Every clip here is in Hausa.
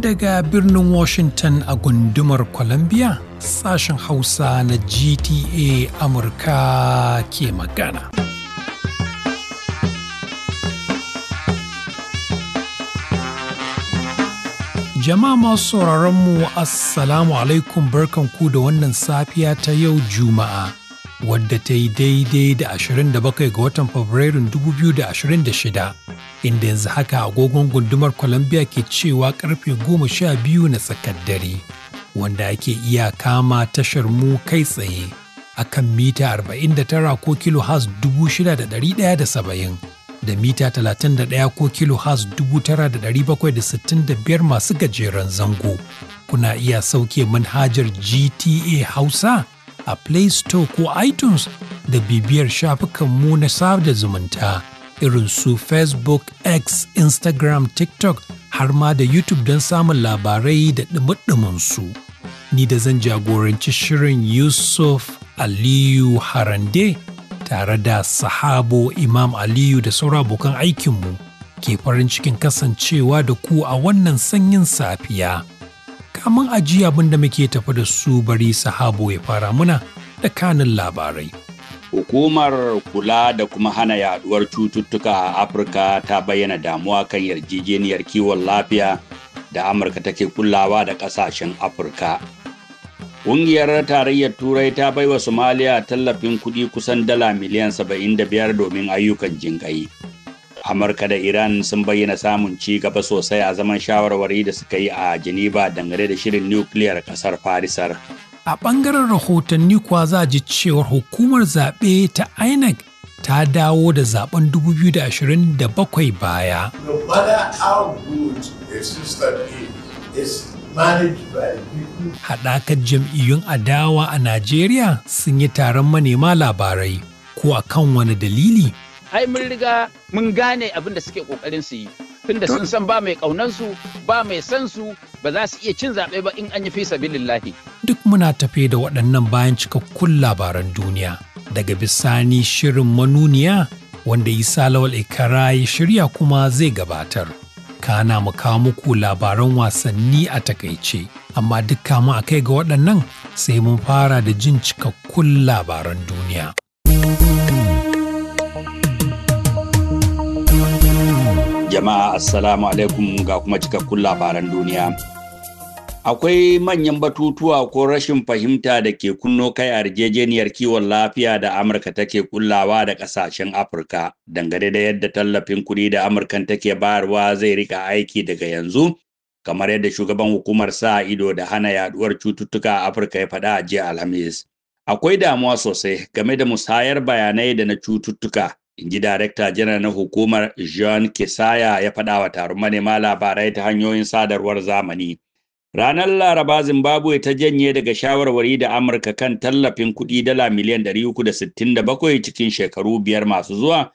Daga birnin Washington a gundumar Columbia, sashen Hausa na GTA Amurka ke magana. Jama'a masu sauraronmu Assalamu alaikum barkanku da wannan safiya ta yau Juma'a. wadda ta yi daidai da 27 ga watan Fabrairun 2026, inda yanzu haka agogon gundumar Columbia ke cewa karfe 12 na tsakar dare, wanda ake iya kama tashar mu kai tsaye a kan mita 49 ko kilo has 6,170 da mita 31 ko kilo has 9,765 masu gajeren zango. Kuna iya sauke manhajar GTA Hausa? a Play Store ko iTunes da bibiyar shafukanmu na sada zumunta irin su Facebook, X, Instagram, TikTok har ma da YouTube don samun labarai da ɗumi Ni da zan jagoranci shirin Yusuf Aliyu Harande tare da sahabo Imam Aliyu da sauran abokan aikinmu ke farin cikin kasancewa da ku a wannan sanyin safiya. kamun ajiye abin da muke tafi da su bari sahabo ya fara muna da kanin labarai. Hukumar kula da kuma hana yaduwar cututtuka a Afirka ta bayyana damuwa kan yarjejeniyar kiwon lafiya da Amurka take kullawa da ƙasashen Afirka. Ƙungiyar Tarayyar Turai ta baiwa Somalia tallafin kuɗi kusan dala miliyan 75 domin ayyukan jinƙai. Amurka da Iran sun bayyana samun ci gaba sosai a zaman shawarwari da suka yi a Geneva dangane da shirin nukiliyar kasar Farisar. A ɓangaren rahotanni kuwa za ji cewar hukumar zaɓe ta INEC ta dawo da zaben 2027 baya. Haɗakar jam'iyyun adawa a Najeriya sun yi taron manema labarai ko a kan wani dalili ai mun riga mun gane abin da suke kokarin su yi tunda sun san ba mai kaunan su ba mai san su ba za su iya cin zaɓe ba in an yi fi sabilillahi duk muna tafe da waɗannan bayan cikakkun labaran duniya daga bisani shirin manuniya wanda isa salawal ikara ya shirya kuma zai gabatar kana mu kawo muku labaran wasanni a takaice amma duk kama a kai ga waɗannan sai mun fara da jin cikakkun labaran duniya. Jama'a Assalamu alaikum ga kuma cikakkun labaran duniya. Akwai manyan batutuwa ko rashin fahimta da ke kunno kai a yarjejeniyar kiwon lafiya da Amurka take kullawa da ƙasashen Afirka dangane da yadda tallafin kuɗi da amurka take bayarwa zai rika aiki daga yanzu, kamar yadda shugaban hukumar sa ido da hana yaduwar cututtuka a Afirka ya faɗa a jiya Alhamis. Akwai damuwa sosai game da musayar bayanai da na cututtuka In ji darekta janar na hukumar Jean Kesaya ya faɗa wa taron manema labarai ta hanyoyin sadarwar zamani. Ranar Laraba Zimbabwe ta janye daga shawarwari da Amurka kan tallafin kuɗi dala miliyan 367 cikin shekaru biyar masu zuwa,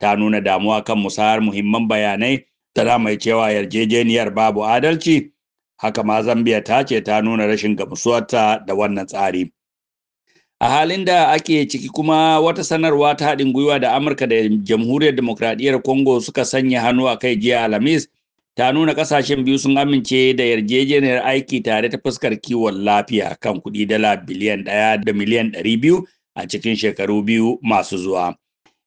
ta nuna damuwa kan musayar muhimman bayanai, tana mai cewa yarjejeniyar babu adalci, haka ma Zambia ta ce ta nuna rashin gamsuwarta da wannan tsari. a halin da ake ciki kuma wata sanarwa ta haɗin gwiwa da amurka da jamhuriyar demokradiyyar congo suka sanya hannu a kai jiya alhamis ta nuna kasashen biyu sun amince da yarjejeniyar aiki tare ta fuskar kiwon lafiya kan kuɗi dala biliyan ɗaya da miliyan ɗari biyu a cikin shekaru biyu masu zuwa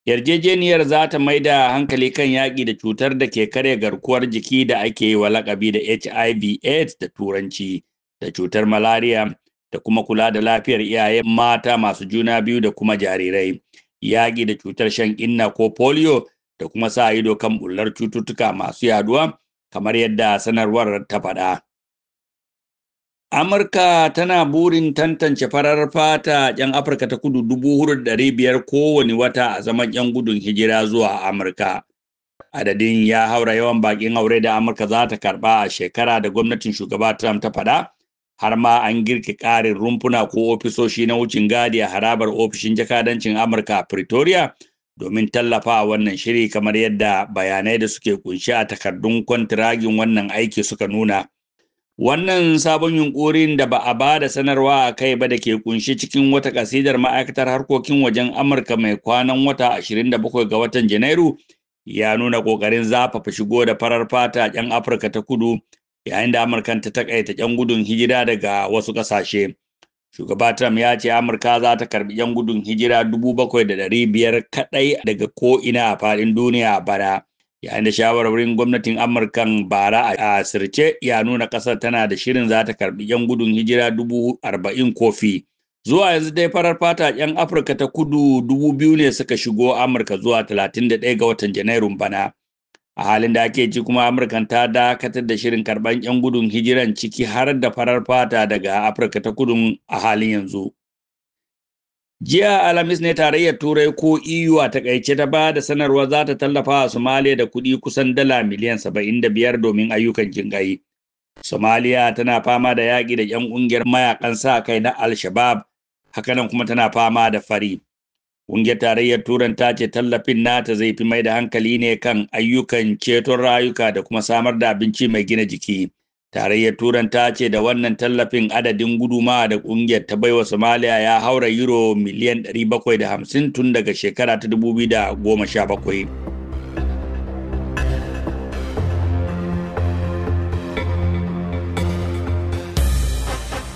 yarjejeniyar za ta mai da hankali kan yaƙi da cutar da ke kare garkuwar jiki da ake yi wa lakabi da hiv aids da turanci da cutar malaria da kuma kula da lafiyar iyaye mata masu juna biyu da kuma jarirai yaƙi da cutar shan inna ko polio da kuma sa ido kan bullar cututtuka masu yaduwa kamar yadda sanarwar ta faɗa. Amurka tana burin tantance farar fata 'yan Afirka ta kudu dubu biyar kowane wata a zaman 'yan gudun hijira zuwa Amurka. Adadin ya haura yawan baƙin aure da Amurka za ta karba a shekara da gwamnatin shugaba Trump ta faɗa har ma an girki ƙarin rumfuna ko ofisoshi na wucin gadi a harabar ofishin jakadancin amurka a pretoria domin tallafa wannan shiri kamar yadda bayanai da suke kunshi a takardun kwantiragin wannan aiki suka nuna wannan sabon yunkurin da ba a ba da sanarwa a kai ba da ke kunshi cikin wata kasidar ma'aikatar harkokin wajen amurka mai kwanan wata 27 ga watan janairu ya nuna ƙoƙarin zafafa shigo da farar fata 'yan afirka ta kudu yayin da amurkan ta takaita ƴan gudun hijira daga wasu ƙasashe shugaba trump ya ce amurka za ta karbi ƴan gudun hijira dubu bakwai da ɗari biyar kaɗai daga ko'ina a faɗin duniya bara yayin da shawarwarin gwamnatin amurkan bara a sirce ya nuna ƙasar tana da shirin za ta karbi ƴan gudun hijira dubu arba'in kofi zuwa yanzu dai farar fata ƴan afirka ta kudu dubu biyu ne suka shigo amurka zuwa talatin da ɗaya ga watan janairun bana a halin da ake ci kuma amurkan ta dakatar da shirin karban 'yan gudun hijiran ciki har da farar fata daga afirka ta kudu a halin yanzu jiya alhamis ne tarayyar turai ko eu a takaice ta ba da sanarwa za ta tallafa a somaliya da kuɗi kusan dala miliyan saba'in da biyar domin ayyukan jinƙai somaliya tana fama da yaƙi da 'yan ƙungiyar mayakan sa kai na al-shabab hakanan kuma tana fama da fari Ƙungiyar tarayyar turanta ce tallafin nata zai fi mai da hankali ne kan ayyukan ceton rayuka da kuma samar da abinci mai gina jiki. Tarayyar turanta ce da wannan tallafin adadin guduma da ƙungiyar ta baiwa Somalia ya haura euro miliyan 750 tun daga shekara ta 2017.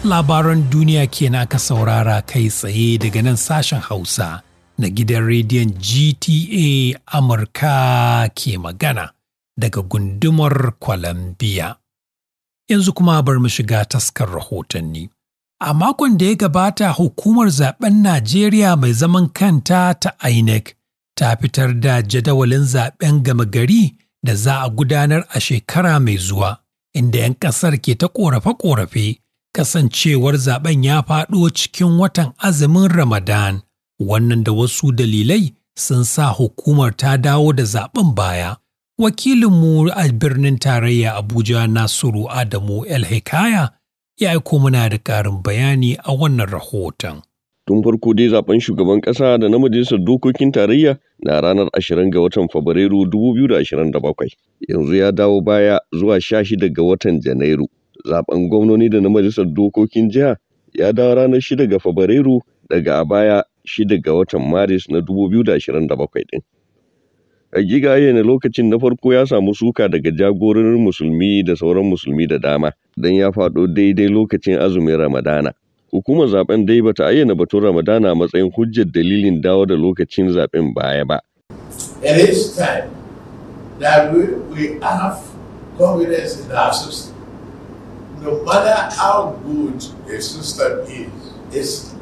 labaran duniya kenan aka saurara kai tsaye daga nan sashen Hausa na gidan rediyon GTA Amurka ke magana daga gundumar Columbia. Yanzu kuma bar mu shiga taskar rahotanni. A makon da ya gabata hukumar zaben Najeriya mai zaman kanta ta INEC ta fitar da jadawalin zaben gama gari da za a gudanar a shekara mai zuwa, inda 'yan ƙasar ke ta ƙorafe-ƙorafe kasancewar zaben ya faɗo cikin watan azumin Ramadan. Wannan da wasu dalilai sun sa hukumar ta dawo da zaben baya. Wakilinmu a birnin tarayya Abuja Nasiru Adamu El Hikaya ya aiko mana da ƙarin bayani a wannan rahoton. Tun farko dai zaben shugaban ƙasa da na majalisar dokokin tarayya na ranar 20 ga watan Fabrairu 2027 yanzu ya dawo baya zuwa 16 ga watan Janairu. Zaben gwamnoni da na majalisar dokokin jiha ya dawo ranar 6 ga Fabrairu daga a baya 6 ga watan Maris na 2027 din. Hakika ne lokacin na farko ya samu suka daga jagororin musulmi da sauran musulmi da dama don ya faɗo daidai lokacin azumin Ramadana. Hukumar zaben dai bata ayyana batun Ramadana matsayin hujjar dalilin dawo da lokacin zaben baya ba. It is time that we, we have confidence in our system. No matter how good a system is, it's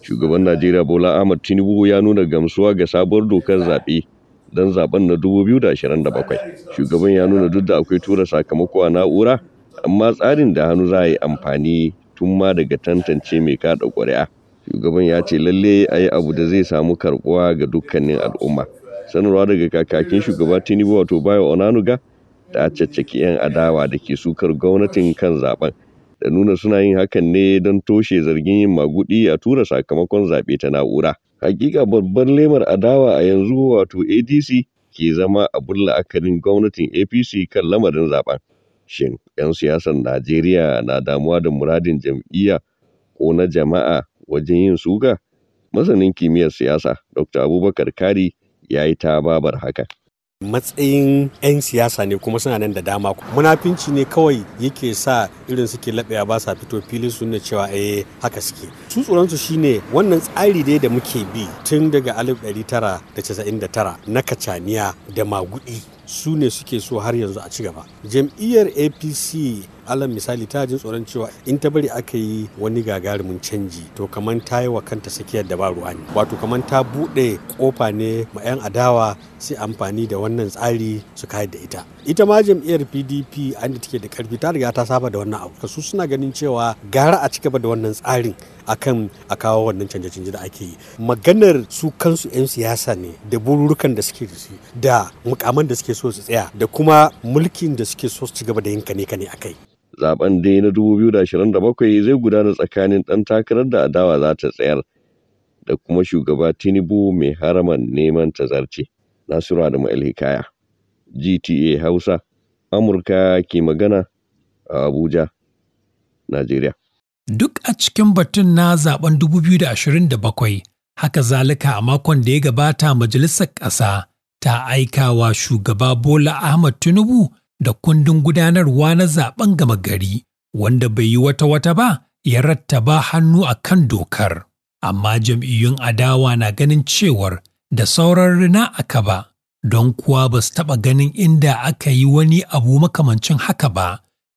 shugaban najeriya bola ahmad tinubu ya nuna gamsuwa ga sabuwar dokar zaɓe don zaɓen na 2027 shugaban ya nuna duk da akwai tura sakamako a na'ura amma tsarin da hannu za a yi amfani tun ma daga tantance mai kaɗa ƙuri'a shugaban ya ce lalle a yi abu da zai samu karɓuwa ga dukkanin al'umma sanarwa daga kakakin shugaba tinubu wato bayo onanuga ta caccaki 'yan adawa da ke sukar gwamnatin kan zaben da nuna suna yin hakan ne don toshe zargin yin maguɗi a tura sakamakon zaɓe ta na'ura. Hakika babbar lemar adawa a yanzu wato ADC ke zama abun la'akarin gwamnatin APC kan lamarin zaben. Shin 'yan siyasar Najeriya na damuwa da muradin jam'iyya ko na jama'a wajen yin suga? Masanin kimiyyar siyasa Dr. Abubakar Kari ya yi ta babar haka. matsayin 'yan siyasa ne kuma suna nan da dama munafinci ne kawai yake sa irin suke laɓaya ba sa fito filin su ne cewa eh haka suke su tsoronsu shine wannan tsari dai da muke bi tun daga 1999 na kacaniya da magudi su ne suke so har yanzu a ci gaba jam'iyyar apc alal misali ta jin tsoron cewa in ta bari aka yi wani gagarumin canji to kamar ta yi wa kanta sakiyar da ba ruwa ne wato kamar ta buɗe kofa ne ma 'yan adawa sai amfani da wannan tsari su kai da ita ita ma jam'iyyar pdp an da take da karfi ta riga ta saba da wannan abu su suna ganin cewa gara a cigaba da wannan tsarin akan a kawo wannan canje-canje da ake yi maganar su kansu 'yan siyasa ne da bururukan da suke da su da mukaman da suke so su tsaya da kuma mulkin da suke so su ci gaba da yin kane-kane a kai zaben dai na 2027 zai gudana tsakanin ɗan takarar da adawa za ta tsayar da kuma shugaba tinubu mai haraman neman ta zarce nasiru adamu alhikaya gta hausa amurka ke magana a abuja najeriya duk a cikin batun na zaben 2027 haka zalika a makon da ya gabata majalisar ƙasa ta aikawa shugaba bola ahmad tinubu da kundin gudanarwa na zaben gama gari wanda bai yi wata-wata ba ya rattaba hannu a kan dokar. Amma jam'iyyun adawa na ganin cewar da sauran rina aka ba, don kuwa ba su taɓa ganin inda aka yi wani abu makamancin haka ba,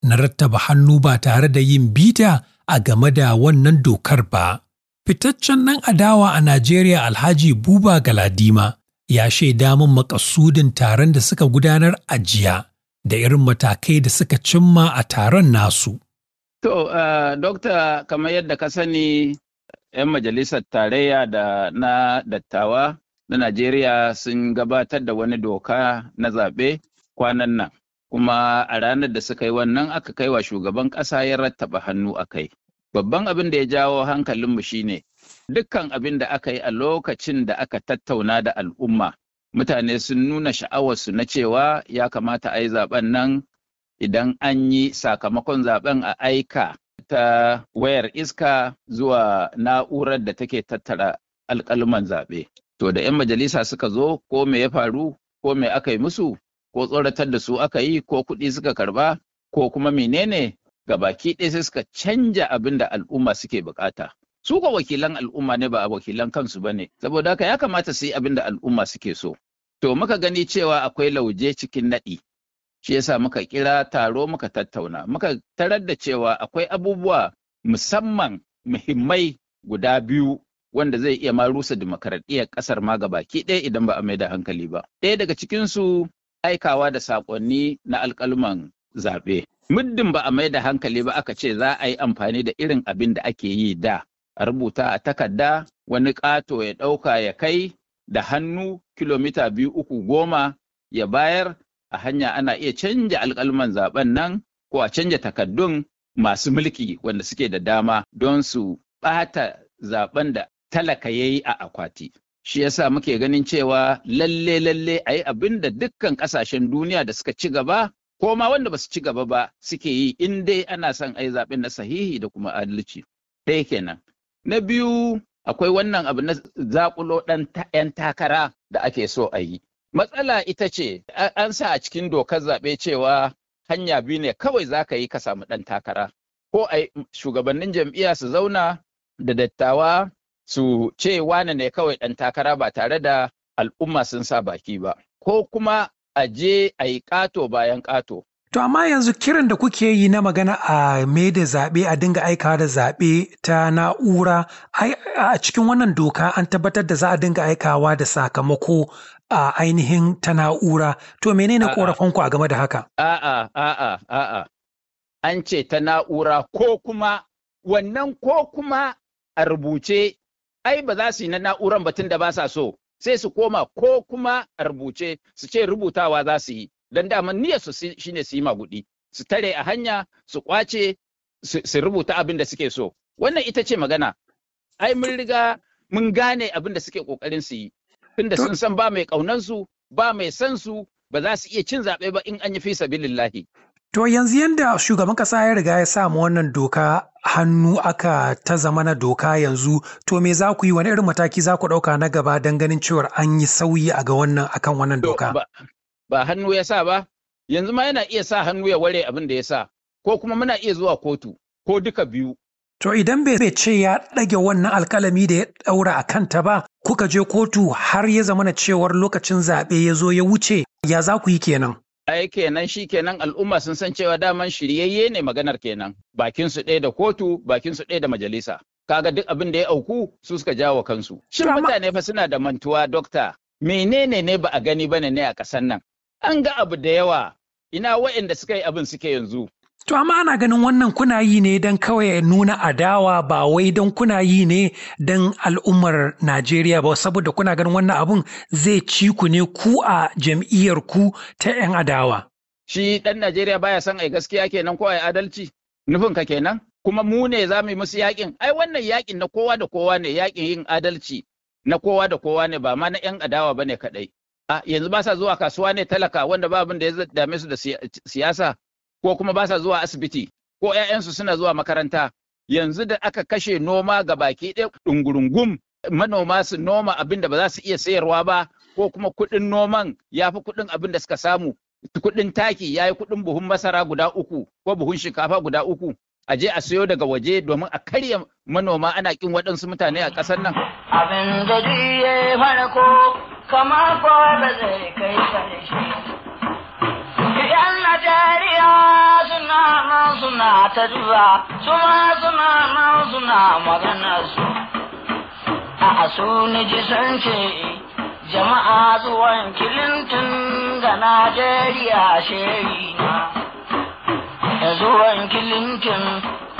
na rattaba hannu ba tare da yin bita a game da wannan dokar ba. Fitaccen nan adawa a Najeriya Alhaji Buba Galadima ya shaida min makasudin taron da suka gudanar a jiya. da irin matakai da suka cimma a taron nasu. To, uh, Dokta, kamar yadda ka sani, 'yan majalisar tarayya da na dattawa na Najeriya sun gabatar da wani doka na zaɓe kwanan nan. Kuma a ranar da suka yi wannan aka kai wa shugaban ƙasa ya rattaba hannu a kai. Babban abin da ya jawo hankalinmu shine dukkan abin da aka yi a lokacin da aka tattauna da al'umma mutane sun nuna sha'awarsu na cewa ya kamata a yi zaben nan idan an yi sakamakon zaben a aika ta wayar iska zuwa na'urar da take tattara alkaluman zaɓe. To da 'yan majalisa suka zo ko me ya faru ko me aka yi musu ko tsoratar da su aka yi ko kuɗi suka karba ko kuma menene ga baki ɗaya sai suka canja abin da al'umma suke bukata. su ko wakilan al'umma ne ba wakilan kansu ba ne saboda haka ya kamata su yi abin da al'umma suke so to muka gani cewa akwai lauje cikin naɗi shi yasa muka kira taro muka tattauna muka tarar da cewa akwai abubuwa musamman muhimmai guda biyu wanda zai iya ma rusa dimokuraɗiyyar ƙasar ma baki ɗaya idan ba a mai da hankali ba ɗaya daga cikinsu aikawa da saƙonni na alƙaluman zaɓe muddin ba a mai da hankali ba aka ce za a yi amfani da irin abin da ake yi da a rubuta a takarda wani ƙato ya ɗauka ya kai da hannu kilomita biyu uku goma ya bayar a hanya ana iya canja alƙalman zaben nan ko a canja takaddun masu mulki wanda suke da dama don su ɓata zaben da talaka ya yi a akwati. Shi yasa muke ganin cewa lalle lalle a yi abin da dukkan ƙasashen duniya da suka ci gaba ko ma wanda ba su ci gaba ba suke yi in dai ana son a yi zaɓen na sahihi da kuma adalci. Ɗaya kenan. Na biyu akwai wannan abu na zakulo ɗan 'yan takara da ake so a yi. Matsala ita ce an sa a cikin dokar zaɓe cewa hanya biyu ne kawai za ka yi ka samu ɗan takara. Ko a mm, shugabannin jam'iya su zauna da dattawa su ce wane ne kawai ɗan takara ba tare da al'umma sun sa baki ba. Ko kuma a je a yi ƙato bayan ƙato. To amma yanzu kiran da kuke yi na magana a me da zaɓe a dinga aikawa da zaɓe ta na'ura a cikin wannan doka an tabbatar da za a dinga aikawa da sakamako a ainihin ta na'ura. To menene ƙorafanku a game da haka? A'a, a'a, a'a. An ce ta na'ura ko kuma wannan ko kuma a rubuce ai ba za su yi na na'uran batun da ba sa so sai su koma ko kuma a rubuce su ce rubutawa za su yi. don daman su shine su yi maguɗi su tare a hanya su kwace su rubuta abin da suke so wannan ita ce magana ai mun riga mun gane abin da suke kokarin su yi tunda sun san ba mai su ba mai san su ba za su iya cin zaɓe ba in an yi fi sabilillahi To yanzu yadda shugaban kasa ya riga ya samu wannan doka hannu aka ta zama na doka yanzu to me za ku yi wani irin mataki za ku ɗauka na gaba don ganin cewa an yi sauyi a ga wannan akan wannan doka? ba hannu ya sa ba yanzu ma yana iya sa hannu ya ware abin da ya sa ko kuma muna iya zuwa kotu ko duka biyu To idan bai ce ya ɗage wannan alkalami da ya ɗaura a kanta ba, kuka je kotu har ya zama na cewar lokacin zaɓe ya zo ya wuce, ya za ku yi kenan? Ai kenan shi kenan al'umma sun san cewa daman shiryayye ne maganar kenan, bakin su ɗaya da kotu, bakin su ɗaya da majalisa. Kaga duk abin da ya auku su suka jawo kansu. Shin mutane fa suna da mantuwa dokta, menene ne ba a gani ba ne a ƙasar nan? an ga abu da yawa ina waɗanda suka yi abin suke yanzu. To amma ana ganin wannan kuna yi ne don kawai nuna adawa ba wai don kuna yi ne don al'ummar Najeriya ba saboda kuna ganin wannan abun zai ci ku ne ku a jam'iyyar ku ta 'yan adawa. Shi ɗan Najeriya baya son ai gaskiya kenan ko ai adalci nufin ka kenan kuma mu ne za mu yi musu yakin ai wannan yakin na kowa da kowa ne yakin yin adalci na kowa da kowa ne ba ma na 'yan adawa ba ne kaɗai. a yanzu ba sa zuwa kasuwa ne talaka wanda ba abin da ya dame su da siyasa ko kuma ba sa zuwa asibiti ko 'ya'yansu suna zuwa makaranta yanzu da aka kashe noma ga baki ɗaya ɗungurungum manoma su noma abin da ba za su iya sayarwa ba ko kuma kuɗin noman ya fi kuɗin abin da suka samu kuɗin taki ya yi kuɗin buhun masara guda uku ko buhun shinkafa guda uku a je a sayo daga waje domin a karya manoma ana ƙin waɗansu mutane a ƙasar nan. Abin da ya farko kama kowa ba zai kai karshe yan najeriya suna nan suna ta zuwa suma suna nan suna magana su a su ni jama'a zuwan kilintin ga najeriya sheri na zuwan kilintin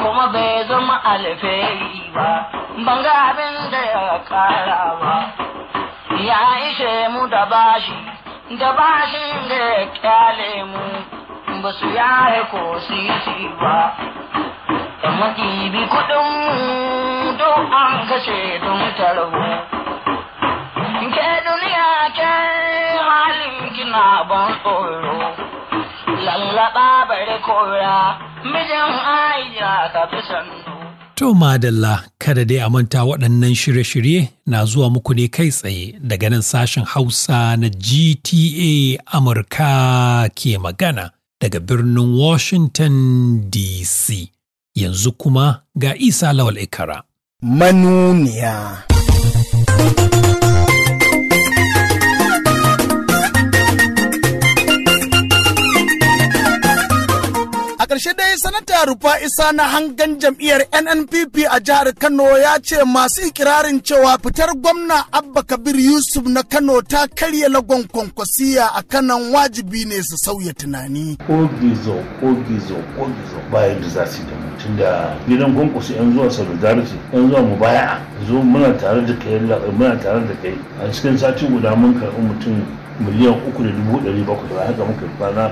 kuma bai zama alfahari ba ban ga abin ya kara ba ya ishe mu da bashi da bashin da ya kyale mu ba su ko sisi ba da maɗibi kuɗin mu don an kashe don tarho ke duniya ke halin kina ban tsoro lallaba bare kora mijin aija ka fi sanda To madalla kada dai a manta waɗannan shirye-shirye na zuwa muku ne kai tsaye daga nan sashen Hausa na GTA Amurka ke magana daga birnin Washington DC. Yanzu kuma ga Isa Lawal Ikara. Manuniya. ƙarshe dai sanata rufa isa na hangan jam'iyyar nnpp a jihar kano ya ce masu ikirarin cewa fitar gwamna abba kabir yusuf na kano ta karya lagon kwankwasiya a kanan wajibi ne su sauya tunani ogizo ogizo ogizo bayan da za su da mutum da gidan kwankwasi yan zuwa solidarity yan zuwa mu baya zo muna tare da kai muna tare da kai a cikin sati guda mun karɓi mutum miliyan uku da dubu ɗari bakwai ba haka muka kwana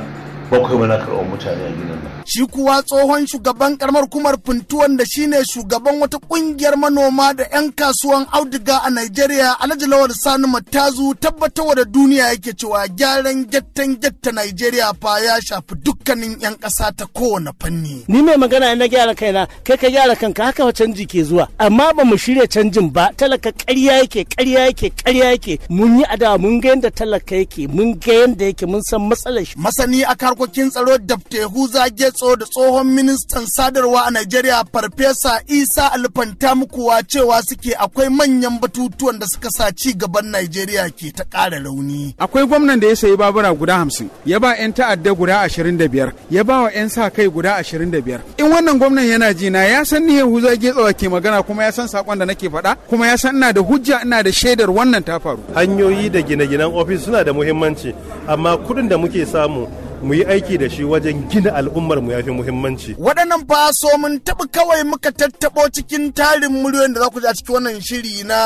bakwai mana karɓar mutane a gidan nan. Shi kuwa tsohon shugaban karamar kumar da wanda ne shugaban wata ƙungiyar manoma da 'yan kasuwan auduga a Najeriya Alhaji Lawal Sani Matazu tabbatarwa da duniya yake cewa gyaran gyattan gyatta Najeriya fa ya shafi dukkanin 'yan ƙasa ta kowane fanni. Ni mai magana na gyara kaina kai ka gyara kanka haka canji ke zuwa amma ba mu shirya canjin ba talaka ƙarya yake ƙarya yake ƙarya yake mun yi adawa mun ga yadda talaka yake mun ga yadda yake mun san matsalar shi. Masani a harkokin tsaro dafte zage getso da tsohon ministan sadarwa a Najeriya farfesa Isa Alfanta mukuwa cewa suke akwai manyan batutuwan da suka sa ci gaban Najeriya ke ta ƙara rauni. Akwai gwamnan da ya sayi babura guda hamsin, ya ba 'yan ta'adda guda ashirin da biyar, ya ba wa 'yan sa kai guda ashirin da biyar. In wannan gwamnan yana ji na ya san ni zage getso ke magana kuma ya san saƙon da nake faɗa kuma ya san ina da hujja ina da shaidar wannan ta faru. Hanyoyi da gine-ginen ofis suna da muhimmanci amma kuɗin da muke samu mu yi aiki da shi wajen gina al'ummar mu yafi muhimmanci waɗannan fa so mun taɓa kawai muka tattaɓo cikin tarin muryoyin da za ku ji a cikin wannan shiri na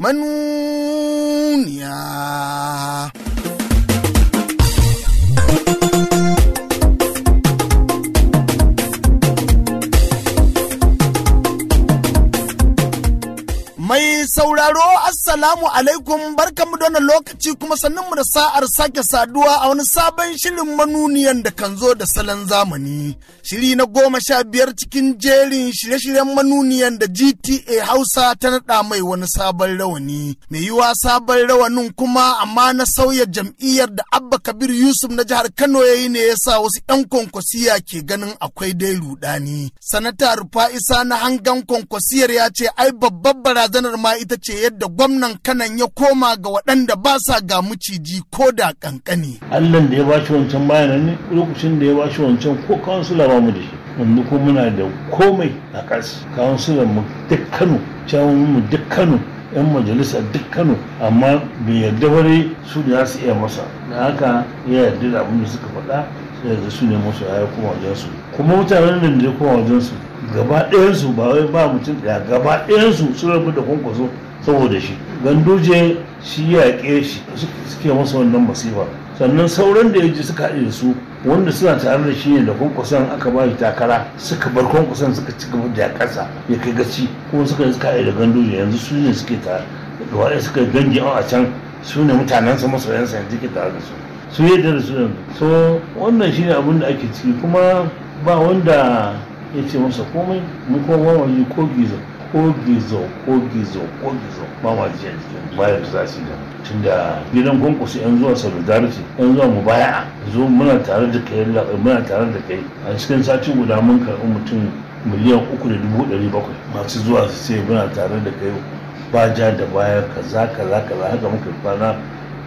manuniya Mai sauraro Assalamu alaikum barkanmu da wannan lokaci kuma sanninmu da sa'ar sake saduwa a wani sabon shirin manuniyan da kan zo da salon zamani. Shiri na goma sha biyar cikin jerin shirye-shiryen manuniyan da GTA Hausa ta naɗa mai wani sabon rawani. Mai yiwa sabon rawanin kuma amma na sauya jam'iyyar da Abba Kabir Yusuf na jihar Kano ya yi ne ya sa wasu 'yan kwankwasiya ke ganin akwai dai rudani. Sanata Rufa'isa na hangan kwankwasiyar ya ce ai babbar barazana maganar ma ita ce yadda gwamnan kanan ya koma ga waɗanda ba sa ga miciji ko da kankani. Allah da ya ba shi wancan bayan ne lokacin da ya ba shi wancan ko kansula ba mu da shi. Yanzu ko muna da komai a ƙasa. Kansulan mu duk Kano, mu duk Kano, 'yan majalisa duk Kano amma bai yarda wani su da su iya masa. Da haka ya yarda da abin da suka faɗa sai yanzu su ne masu ya kuma wajensu. Kuma mutanen da ya koma wajensu gaba ɗayansu ba wai ba mutum ɗaya gaba ɗayansu sun rabu da kwankwaso saboda shi ganduje shi ya yaƙe shi suke masa wannan masifa sannan sauran da ya ji suka haɗe da su wanda suna tare da shi ne da kwankwason aka ba shi takara suka bar kwankwason suka ci gaba da yaƙarsa ya kai gaci kuma suka yi suka haɗe da ganduje yanzu su ne suke tare da waɗanda suka dangi a can su ne mutanensa masoyansa yanzu ke tare da su su yadda da su yanzu so wannan shi ne abin da ake ciki kuma ba wanda ya ce masa komai mu ko waje ko gizo ko gizo ko gizo ko gizo ba jiya jiya a jikin bayan da tun da tunda gidan kwankwasu yan zuwa solidarity yan zuwa mu baya zo muna tare da kai muna tare da kai a cikin sati guda mun karɓi mutum miliyan uku da dubu ɗari bakwai masu zuwa su ce muna tare da kai ba ja da baya kaza kaza kaza haka muka kwana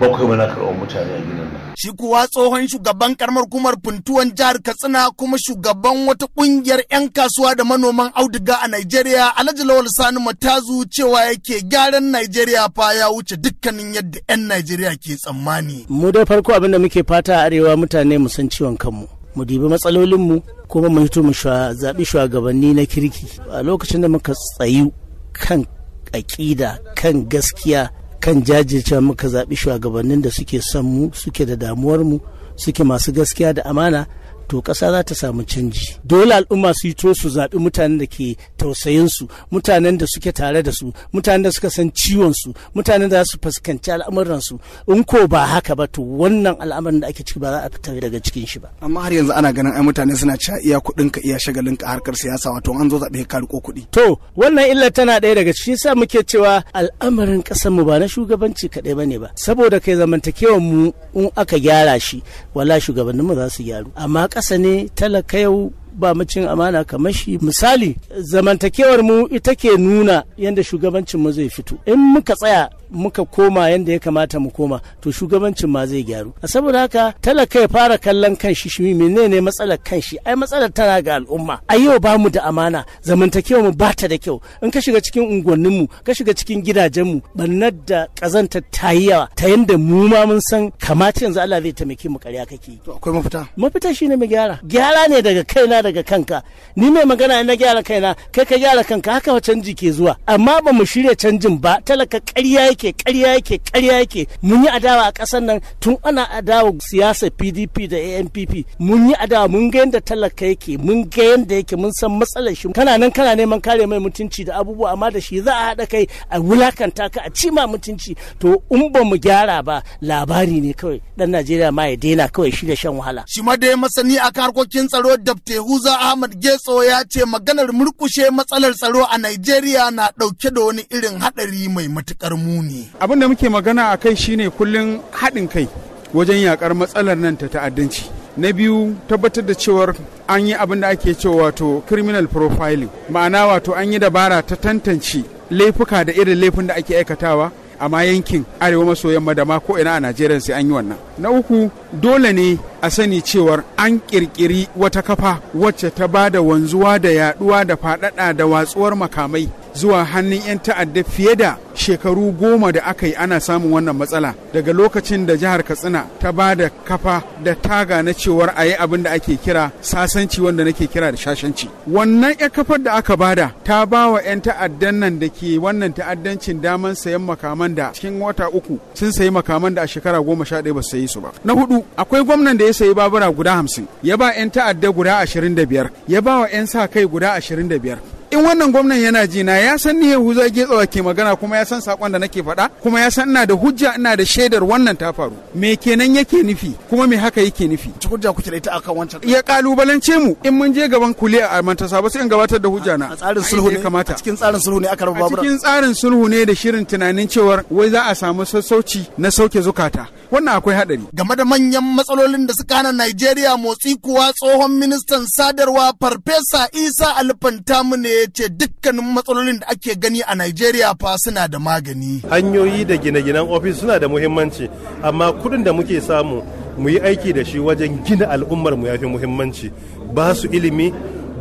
bakwai mana karɓar mutane a gidan nan. Shi kuwa tsohon shugaban karamar kumar funtuwan jihar Katsina kuma shugaban wata ƙungiyar 'yan kasuwa da manoman auduga a Najeriya Alhaji Lawal Sani Matazu cewa yake gyaran Najeriya fa ya wuce dukkanin yadda 'yan Najeriya ke tsammani. Mu dai farko abin da muke fata a arewa mutane mu san ciwon kanmu. Mu dibi matsalolinmu kuma mu hito mu zaɓi shugabanni na kirki. A lokacin da muka tsayu kan aƙida kan gaskiya kan jajirce muka zaɓi shugabannin da suke son mu suke da damuwar mu suke masu gaskiya da amana to ƙasa za ta samu canji dole al'umma su yi to su zaɓi mutanen da ke tausayin su mutanen da suke tare da su mutanen da suka san ciwon su mutanen da za su fuskanci al'amuran su in ko ba haka ba to wannan al'amarin da ake ciki ba za a fita daga cikin shi ba amma har yanzu ana ganin ai mutane suna cewa iya kuɗin ka iya shagalin ka harkar siyasa wato an zo zaɓe ka riko kuɗi to wannan illar tana ɗaya daga cikin sa muke cewa al'amarin ƙasar mu ba na shugabanci kaɗai bane ba saboda kai zamantakewan mu in aka gyara shi wala shugabannin mu za su gyaru amma ƙasa ne talaka yau ba mu cin amana kamar shi misali zamantakewar mu ita ke nuna yadda shugabancin mu zai fito in muka tsaya muka koma yadda ya kamata mu koma to shugabancin ma zai gyaru a saboda haka talaka ya fara kallon kan shi shi menene matsalar kan shi ai matsalar tana ga al'umma a yau ba mu da amana zamantakewar mu bata da kyau in ka shiga cikin unguwannin mu ka shiga cikin gidajen mu bannar da kazanta ta yi yawa ta yanda mu ma mun san kamata yanzu Allah zai taimake mu ƙarya kake akwai mafita mafita shine mu gyara gyara ne daga kaina daga kanka ni mai magana na gyara kaina kai ka gyara kanka haka canji ke zuwa amma ba mu shirya canjin ba talaka ƙarya yake ƙarya yake ƙarya yake mun yi adawa a ƙasar nan tun ana adawa siyasa PDP da ANPP mun yi adawa mun ga yadda talaka yake mun ga yadda yake mun san matsalar shi kana nan kana neman kare mai mutunci da abubuwa amma da shi za a haɗa kai a wulakanta ka a cima mutunci to in ba mu gyara ba labari ne kawai dan Najeriya ma ya daina kawai shi da shan wahala shi ma dai masani a harkokin tsaro dabtehu Yaguza Ahmad Getso ya ce maganar murkushe matsalar tsaro a Najeriya na ɗauke da wani irin haɗari mai matukar muni. Abin da muke magana a kai shine kullum haɗin kai wajen yakar matsalar nan ta ta'addanci. na biyu tabbatar da cewar an yi abin da ake cewa wato criminal profiling ma'ana wato an yi dabara ta tantance laifuka da irin laifin da ake aikatawa a ma yankin arewa maso yamma da ma ko ina a Najeriya sai an yi wannan. Na uku dole ne a sani cewar an kirkiri wata kafa wacce ta ba da wanzuwa da yaduwa da faɗaɗa da watsuwar makamai zuwa hannun 'yan ta'adda fiye da shekaru goma da aka yi ana samun wannan matsala daga lokacin da jihar katsina ta ba da kafa da taga na cewar a yi abin da ake kira sasanci wanda nake kira da shashanci wannan ya kafar da aka bada ta ba wa 'yan ta'addan nan da ke wannan ta'addancin daman sayan makaman da cikin wata uku sun sayi makaman da a shekara goma sha ɗaya ba su sayi su ba na hudu akwai gwamnan da ya sayi babura guda hamsin ya ba 'yan ta'adda guda ashirin da biyar ya ba wa 'yan sa kai guda ashirin da biyar in wannan gwamnan yana ji na ya san ni yahuza getsawa ke magana kuma ya san sakon da nake faɗa kuma ya san ina da hujja ina da shaidar wannan ta faru me kenan yake nufi kuma me haka yake nufi hujja kuke da ita akan wancan ya kalubalance mu in mun je gaban kuliya a mantasa ba sai in gabatar da hujja na a tsarin sulhu ne kamata a cikin tsarin sulhu ne aka raba babura a cikin tsarin sulhu ne da shirin tunanin cewar wai za a samu sassauci na sauke zukata wannan akwai hadari game da manyan matsalolin da suka hana Najeriya motsi kuwa tsohon ministan sadarwa farfesa Isa Alfantamu ne ya ce dukkanin matsalolin da ake gani a Najeriya fa suna da magani. Hanyoyi da gine-ginen ofis suna da muhimmanci, amma kuɗin da muke samu mu yi aiki da shi wajen gina al'ummar mu yafi muhimmanci. Ba su ilimi,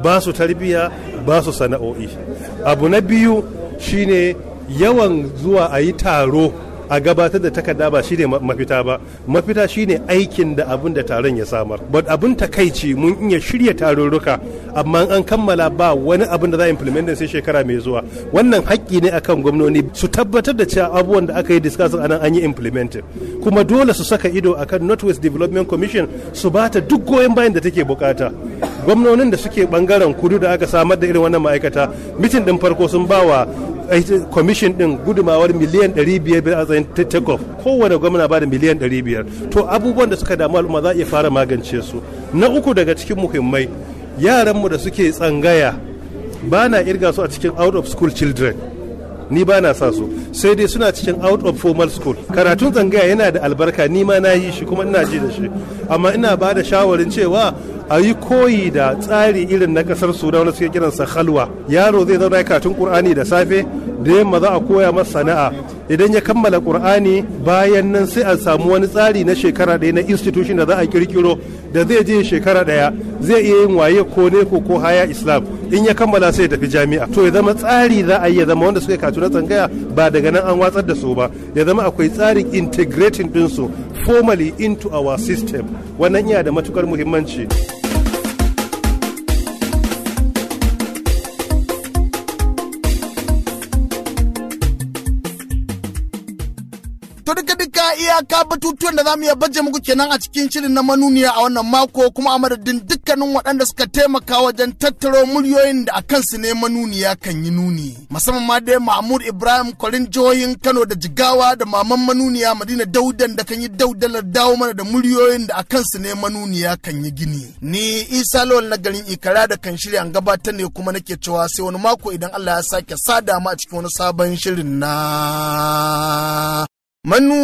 ba su tarbiyya, ba su sana'o'i. Abu na biyu shine yawan zuwa a yi taro a gabatar da takarda ba shine mafita ba mafita shine aikin da abin da taron ya samar but abin takaici mun iya shirya tarurruka amma an kammala ba wani abin da za a implement sai shekara mai zuwa wannan haƙƙi ne akan gwamnoni su tabbatar da cewa abubuwan da aka yi discuss anan an yi implemented kuma dole su saka ido akan Northwest Development Commission su bata duk goyon bayan da take bukata gwamnonin da suke bangaren kudu da aka samar da irin wannan ma'aikata mitin din farko sun bawa kwamishin eh, din gudumawar miliyan 500 a tsayin takeoff kowane gwamna ba da miliyan 500 to abubuwan da suka damu al'umma za a iya fara magance su na uku daga cikin muhimmai yaranmu da suke tsangaya ba na irga su a cikin out of school children ni ba na sa su sai dai suna cikin out of formal school karatun tsangaya yana da albarka ni ma na yi shi kuma ina ji da shi amma ina ba da shawarin cewa a yi koyi da tsari irin na kasar su wanda suke kiransa halwa yaro zai zauna karatun qur'ani da safe da yamma za a koya masa sana'a idan ya kammala qur'ani bayan nan sai a samu wani tsari na shekara ɗaya na institution da za a kirkiro da zai je shekara daya zai iya yin waye ko ne ko ko haya islam in ya kammala sai ya tafi jami'a to ya zama tsari za a yi ya zama wanda suka katu na tsangaya ba daga nan an watsar da su ba ya zama akwai tsarin integrating ɗinsu formally into our system wannan yana da matukar muhimmanci. ka batutuwan da za mu iya muku kenan a cikin shirin na manuniya a wannan mako kuma a madadin dukkanin waɗanda suka taimaka wajen tattaro muryoyin da a kansu ne manuniya kan yi nuni. Musamman ma dai Mahmud Ibrahim Kwarin jihohin Kano da Jigawa da Maman Manuniya Madina Daudan da kan yi daudalar dawo mana da muryoyin da a kansu ne manuniya kan yi gini. Ni Isa Lawal na garin Ikara da kan shirya gabatar ne kuma nake cewa sai wani mako idan Allah ya sake sada mu a cikin wani sabon shirin na manuniya.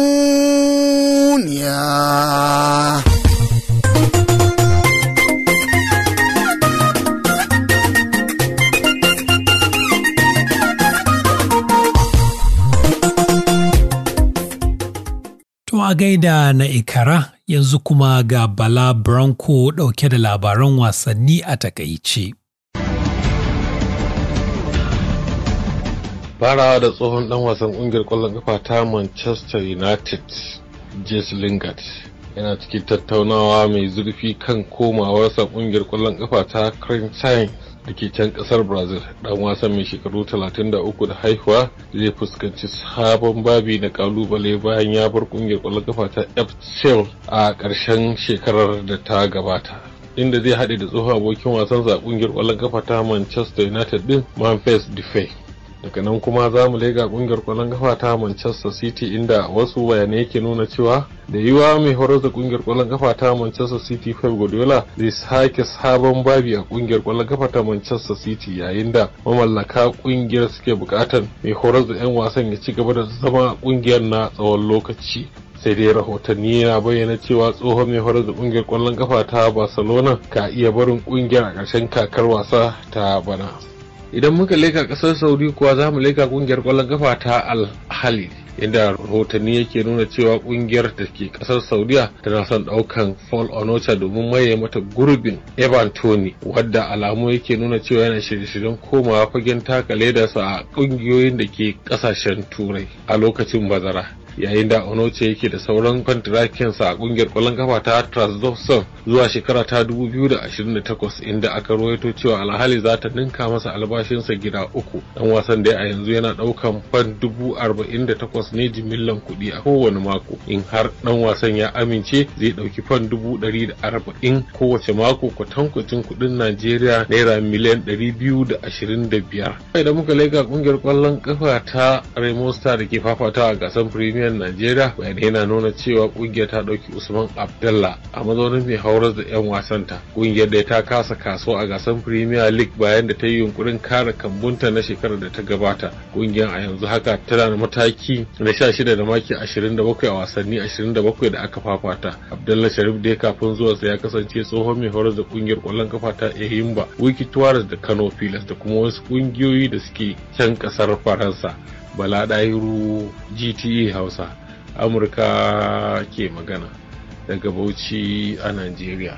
To a gaida na ikara yanzu kuma ga Bala Branko ɗauke da labaran wasanni a takaice. farawa da tsohon dan wasan kungiyar kwallon kafa ta manchester united jess lingard yana cikin tattaunawa mai zurfi kan komawarsa kungiyar kwallon kafa ta Corinthians da ke can kasar brazil dan wasan mai shekaru 33 da haihuwa zai fuskanci sabon babi na kalubale bayan ya bar kungiyar kwallon kafa ta fcl a karshen shekarar da ta gabata inda zai haɗe da tsohon abokin wasan a kungiyar kwallon kafa ta manchester united din memphis depay daga nan kuma za mu lega kungiyar kwallon kafa ta manchester city inda wasu bayanai ke nuna cewa da yiwa mai horar da kungiyar kwallon kafa ta manchester city pep guardiola zai sake sabon babi a kungiyar kwallon kafa ta manchester city yayin da mamallaka kungiyar suke bukatan mai horar da 'yan wasan ya ci gaba da zama kungiyar na tsawon lokaci sai dai rahotanni na bayyana cewa tsohon mai horar da kungiyar kwallon kafa ta barcelona ka iya barin kungiyar a ƙarshen kakar wasa ta bana idan muka leka kasar saudi kuwa za mu leka kungiyar kwallon kafa ta alhali, inda rahotanni yake nuna cewa kungiyar da ke kasar saudiya tana son daukan Fol onocha domin maye mata gurbin evan tony wadda alamu yake nuna cewa yana shirye-shiryen komawa fagen taka ledarsa a kungiyoyin da ke kasashen turai a lokacin bazara yayin da onoce yake da sauran sa a kungiyar kwallon kafa ta transdorson zuwa shekara ta 2028 inda aka rawaito cewa alhali za ta ninka masa albashinsa gida uku dan wasan da a yanzu yana daukan fan 48,000 ne jimillan kuɗi a kowane mako in har dan wasan ya amince zai dauki fan 140 kowace mako kwatankwacin kuɗin najeriya naira miliyan 225 idan muka leka kungiyar kwallon kafa ta remo star da ke fafatawa a gasar premier tarayyar Najeriya bayan yana nuna cewa kungiyar ta dauki Usman abdullah a mazaunin mai haurar da 'yan wasanta. Kungiyar da ta kasa kaso a gasar Premier League bayan da ta yi yunkurin kare kambunta na shekarar da ta gabata. Kungiyar a yanzu haka tana da mataki na 16 da maki 27 a wasanni 27 da aka fafata. abdullah Sharif dai kafin zuwansa ya kasance tsohon mai horar da kungiyar kwallon kafa ta Ehimba, Wiki Tuwaras da Kano Pilas da kuma wasu kungiyoyi da suke can kasar Faransa. bala dairu gta e hausa amurka ke magana daga bauchi a nigeria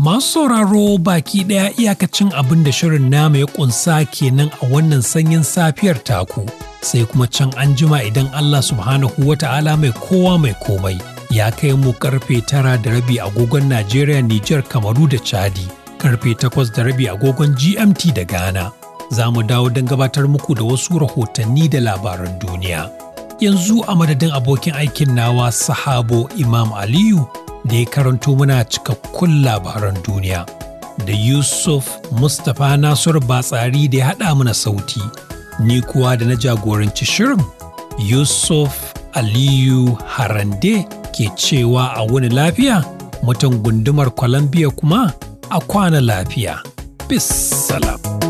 Masu sauraro baki ɗaya iyakacin abin da shirin nama ya ƙunsa kenan a wannan sanyin safiyar taku, sai kuma can an jima idan Allah subhanahu wa ta'ala mai kowa mai komai ya kai mu karfe tara da rabi agogon Najeriya, Nijar, Kamaru da Chadi. karfe takwas da rabi agogon GMT da Ghana. Za mu dawo don gabatar muku da wasu rahotanni da labaran duniya. Yanzu a madadin abokin aikin nawa sahabo Imam Aliyu da ya karanto muna cikakkun labaran duniya. Da Yusuf Mustapha Nasir Batsari da ya haɗa mana sauti. Ni kuwa da na jagoranci shirin Yusuf Aliyu Harande ke cewa a wani lafiya mutan gundumar Columbia kuma a kwana lafiya. Bis salam.